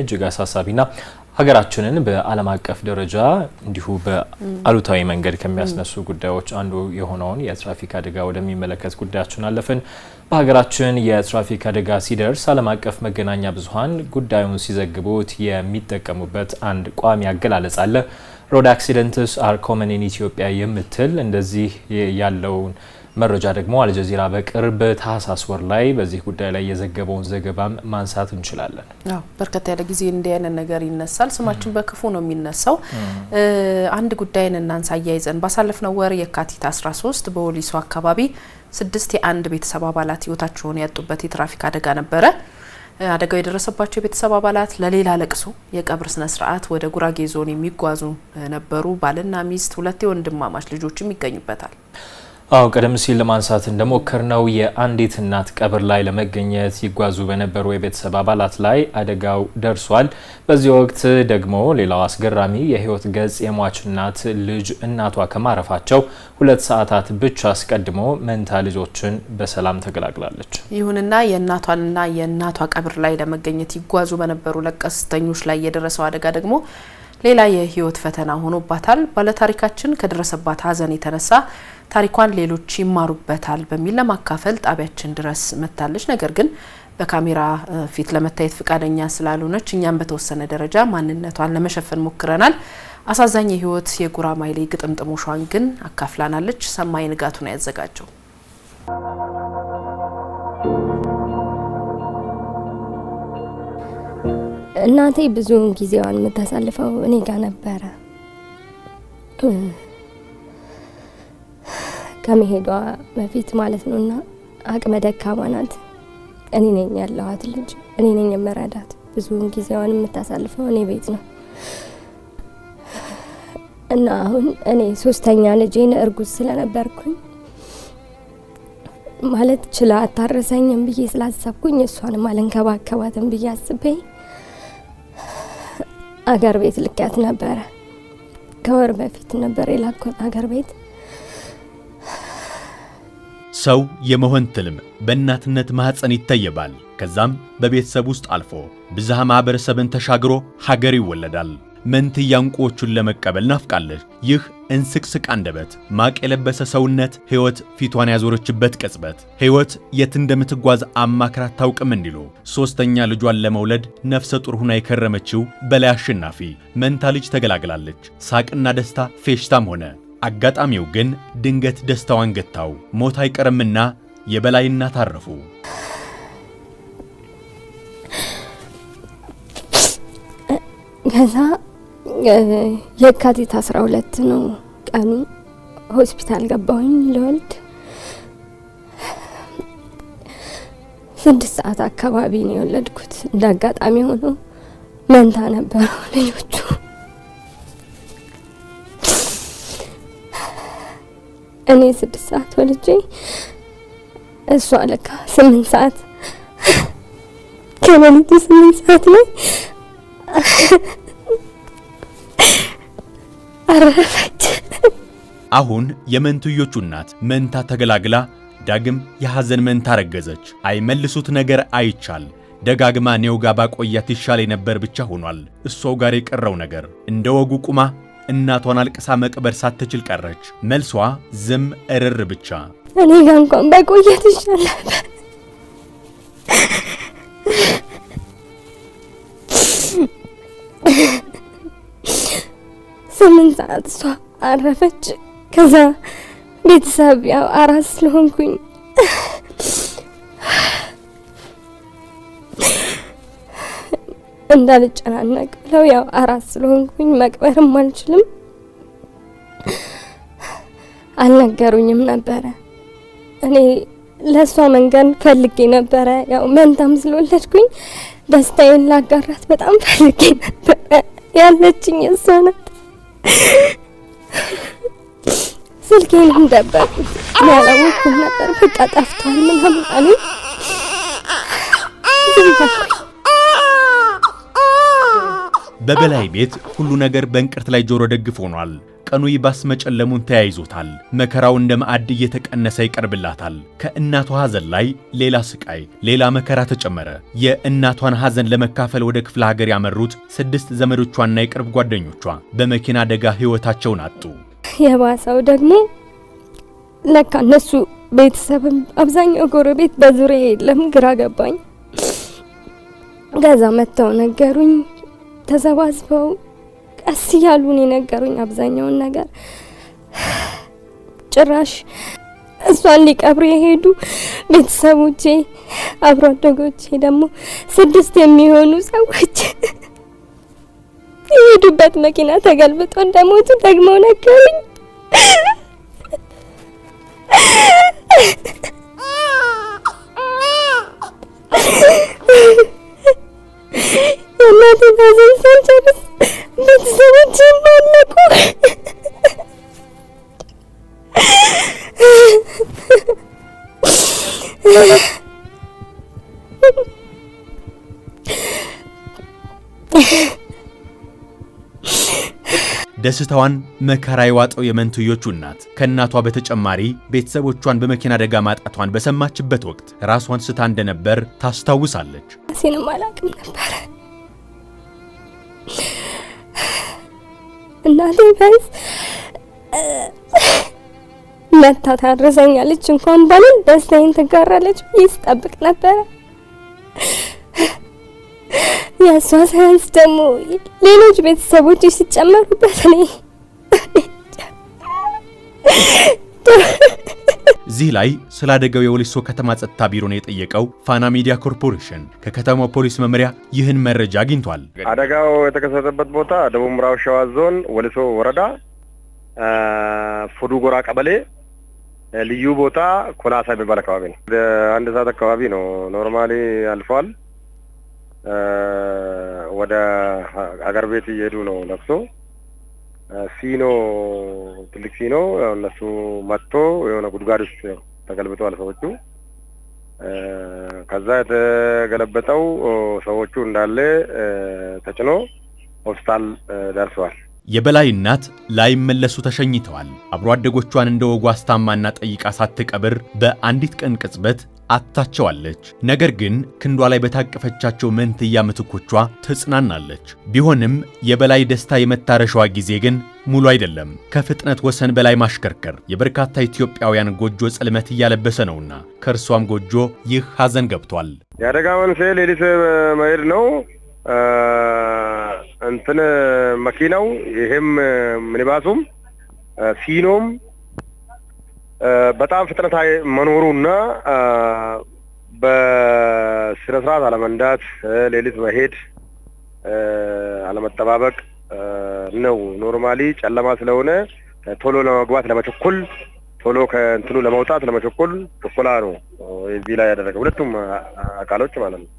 እጅግ አሳሳቢና ሀገራችንን በዓለም አቀፍ ደረጃ እንዲሁ በአሉታዊ መንገድ ከሚያስነሱ ጉዳዮች አንዱ የሆነውን የትራፊክ አደጋ ወደሚመለከት ጉዳያችን አለፍን። በሀገራችን የትራፊክ አደጋ ሲደርስ ዓለም አቀፍ መገናኛ ብዙኃን ጉዳዩን ሲዘግቡት የሚጠቀሙበት አንድ ቋሚ አገላለጽ አለ። ሮድ አክሲደንትስ አር ኮመን ኢን ኢትዮጵያ የምትል እንደዚህ ያለውን መረጃ ደግሞ አልጀዚራ በቅርብ ታህሳስ ወር ላይ በዚህ ጉዳይ ላይ የዘገበውን ዘገባም ማንሳት እንችላለን። አዎ ያለ ጊዜ እንዲህ አይነት ነገር ይነሳል። ስማችን በክፉ ነው የሚነሳው። አንድ ጉዳይን እናንሳ አያይዘን። ባሳለፍነው ወር የካቲት 13 በወሊሶ አካባቢ ስድስት የአንድ ቤተሰብ አባላት ህይወታቸውን ያጡበት የትራፊክ አደጋ ነበረ። አደጋው የደረሰባቸው የቤተሰብ አባላት ለሌላ ለቅሶ የቀብር ስነ ስርዓት ወደ ጉራጌ ዞን የሚጓዙ ነበሩ። ባልና ሚስት፣ ሁለት የወንድማማች ልጆችም ይገኙበታል። አው ቀደም ሲል ለማንሳት እንደሞከር ነው የአንዲት እናት ቀብር ላይ ለመገኘት ይጓዙ በነበሩ የቤተሰብ አባላት ላይ አደጋው ደርሷል። በዚህ ወቅት ደግሞ ሌላው አስገራሚ የህይወት ገጽ የሟች እናት ልጅ እናቷ ከማረፋቸው ሁለት ሰዓታት ብቻ አስቀድሞ መንታ ልጆችን በሰላም ተገላግላለች። ይሁንና የእናቷንና የእናቷ ቀብር ላይ ለመገኘት ይጓዙ በነበሩ ለቀስተኞች ላይ የደረሰው አደጋ ደግሞ ሌላ የህይወት ፈተና ሆኖባታል። ባለታሪካችን ከደረሰባት ሀዘን የተነሳ ታሪኳን ሌሎች ይማሩበታል በሚል ለማካፈል ጣቢያችን ድረስ መጥታለች። ነገር ግን በካሜራ ፊት ለመታየት ፈቃደኛ ስላልሆነች እኛም በተወሰነ ደረጃ ማንነቷን ለመሸፈን ሞክረናል። አሳዛኝ የህይወት የጉራማይሌ ግጥምጥሞሿን ግን አካፍላናለች። ሰማይ ንጋቱን ያዘጋጀው። እናቴ ብዙውን ጊዜዋን የምታሳልፈው እኔ ጋር ነበረ። ከመሄዷ በፊት ማለት ነው። እና አቅመ ደካማ ናት። እኔ ነኝ ያለኋት ልጅ፣ እኔ ነኝ የምረዳት። ብዙውን ጊዜዋን የምታሳልፈው እኔ ቤት ነው እና አሁን እኔ ሶስተኛ ልጄን እርጉዝ ስለነበርኩኝ ማለት ችላ አታረሰኝም ብዬ ስላሰብኩኝ እሷንም አልንከባከባትም ብዬ አስቤ አገር ቤት ልኪያት ነበረ። ከወር በፊት ነበር የላኩት አገር ቤት ሰው የመሆን ትልም በእናትነት ማኅፀን ይታየባል። ከዛም በቤተሰብ ውስጥ አልፎ ብዝሃ ማኅበረሰብን ተሻግሮ ሀገር ይወለዳል። መንትያ ዕንቁዎቹን ለመቀበል ናፍቃለች። ይህ እንስቅስቅ አንደበት፣ ማቅ የለበሰ ሰውነት፣ ሕይወት ፊቷን ያዞረችበት ቅጽበት፣ ሕይወት የት እንደምትጓዝ አማክራ አታውቅም እንዲሉ ሦስተኛ ልጇን ለመውለድ ነፍሰ ጡር ሁና የከረመችው በላይ አሸናፊ መንታ ልጅ ተገላግላለች። ሳቅና ደስታ ፌሽታም ሆነ አጋጣሚው ግን ድንገት ደስታዋን ገታው። ሞት አይቀርምና የበላይና ታረፉ። አረፉ። ከዛ የካቲት 12 ነው ቀኑ። ሆስፒታል ገባሁኝ ልወልድ። ስድስት ሰዓት አካባቢ ነው የወለድኩት። እንደ አጋጣሚ ሆኖ መንታ ነበረው ልጆቹ እኔ ስድስት ሰዓት ወልጄ እሷ ለካ ስምንት ሰዓት ከሌሊቱ ስምንት ሰዓት ላይ አረፈች። አሁን የመንትዮቹ እናት መንታ ተገላግላ ዳግም የሐዘን መንታ ረገዘች። አይመልሱት ነገር አይቻል ደጋግማ ኔው ጋር ባቆያት ይሻል የነበር ብቻ ሆኗል። እሷው ጋር የቀረው ነገር እንደ ወጉ ቁማ እናቷን አልቅሳ መቅበር ሳትችል ቀረች። መልሷ ዝም እርር ብቻ። እኔ ጋ እንኳን በቆየት ይሻላል። ስምንት ሰዓት እሷ አረፈች። ከዛ ቤተሰብ ያው አራስ ስለሆንኩኝ እንዳልጨናነቅ ብለው ያው አራት ስለሆንኩኝ መቅበርም አልችልም አልነገሩኝም ነበረ። እኔ ለእሷ መንገድ ፈልጌ ነበረ። ያው መንታም ስለወለድኩኝ ደስታዬን ላጋራት በጣም ፈልጌ ነበረ። ያለችኝ እሷ ናት። ስልኬንም ደበቁት። ያላወኩም ነበር። በቃ ጠፍቷል ምናምን አሉኝ። በበላይ ቤት ሁሉ ነገር በእንቅርት ላይ ጆሮ ደግፍ ሆኗል። ቀኑ ይባስ መጨለሙን ተያይዞታል። መከራው እንደ ማዕድ እየተቀነሰ ይቀርብላታል። ከእናቷ ሐዘን ላይ ሌላ ስቃይ፣ ሌላ መከራ ተጨመረ። የእናቷን ሐዘን ለመካፈል ወደ ክፍለ ሀገር ያመሩት ስድስት ዘመዶቿና የቅርብ ጓደኞቿ በመኪና አደጋ ሕይወታቸውን አጡ። የባሰው ደግሞ ለካ እነሱ ቤተሰብም አብዛኛው ጎረቤት በዙሪያ የለም። ግራ ገባኝ። ገዛ መጥተው ነገሩኝ። ተሰባስበው ቀስ እያሉን የነገሩኝ አብዛኛውን ነገር ጭራሽ እሷን ሊቀብሩ የሄዱ ቤተሰቦቼ፣ አብሮ አደጎቼ ደግሞ ስድስት የሚሆኑ ሰዎች የሄዱበት መኪና ተገልብጦ እንደሞቱ ደግሞ ነገሩኝ። ሳልጨርስ ማለቁ። ደስታዋን መከራ የዋጠው የመንትዮቹ እናት ከእናቷ በተጨማሪ ቤተሰቦቿን በመኪና አደጋ ማጣቷን በሰማችበት ወቅት ራሷን ስታ እንደነበር ታስታውሳለች። ሴንም አላቅም ነበረ እናቴን ቢያንስ መታ ታድርሰኛለች እንኳን ባልን ደስታዬን ትጋራለች ብዬ ስጠብቅ ነበረ። የእሷ ሳያንስ ደግሞ ሌሎች ቤተሰቦች ሲጨመሩበት እኔ እዚህ ላይ ስለ አደጋው የወሊሶ ከተማ ጸጥታ ቢሮን የጠየቀው ፋና ሚዲያ ኮርፖሬሽን ከከተማው ፖሊስ መምሪያ ይህን መረጃ አግኝቷል። አደጋው የተከሰተበት ቦታ ደቡብ ምዕራብ ሸዋ ዞን ወሊሶ ወረዳ ፉዱ ጎራ ቀበሌ ልዩ ቦታ ኮላሳ የሚባል አካባቢ ነው። አንድ ሰዓት አካባቢ ነው ኖርማሊ አልፏል። ወደ አገር ቤት እየሄዱ ነው ለቅሶ ሲኖ ትልቅ ሲኖ እነሱ መጥቶ የሆነ ጉድጓድ ውስጥ ተገልብጦ ሰዎቹ። ከዛ የተገለበጠው ሰዎቹ እንዳለ ተጭኖ ሆስፒታል ደርሰዋል። የበላይ እናት ላይመለሱ ተሸኝተዋል። አብሮ አደጎቿን እንደ ወጉ አስታማና ጠይቃ ሳትቀብር በአንዲት ቀን ቅጽበት አታቸዋለች ነገር ግን ክንዷ ላይ በታቀፈቻቸው መንትያ ምትኮቿ ትጽናናለች። ቢሆንም የበላይ ደስታ የመታረሻዋ ጊዜ ግን ሙሉ አይደለም። ከፍጥነት ወሰን በላይ ማሽከርከር የበርካታ ኢትዮጵያውያን ጎጆ ጸልመት እያለበሰ ነውና ከእርሷም ጎጆ ይህ ሐዘን ገብቷል። የአደጋ መንስኤ ሌሊት መሄድ ነው እንትን መኪናው ይሄም ሚኒባሱም ሲኖም በጣም ፍጥነት መኖሩና በስነ ስርዓት አለመንዳት፣ ሌሊት መሄድ አለመጠባበቅ ነው። ኖርማሊ ጨለማ ስለሆነ ቶሎ ለመግባት ለመቸኮል፣ ቶሎ ከእንትኑ ለመውጣት ለመቸኮል ችኮላ ነው እዚህ ላይ ያደረገ ሁለቱም አካሎች ማለት ነው።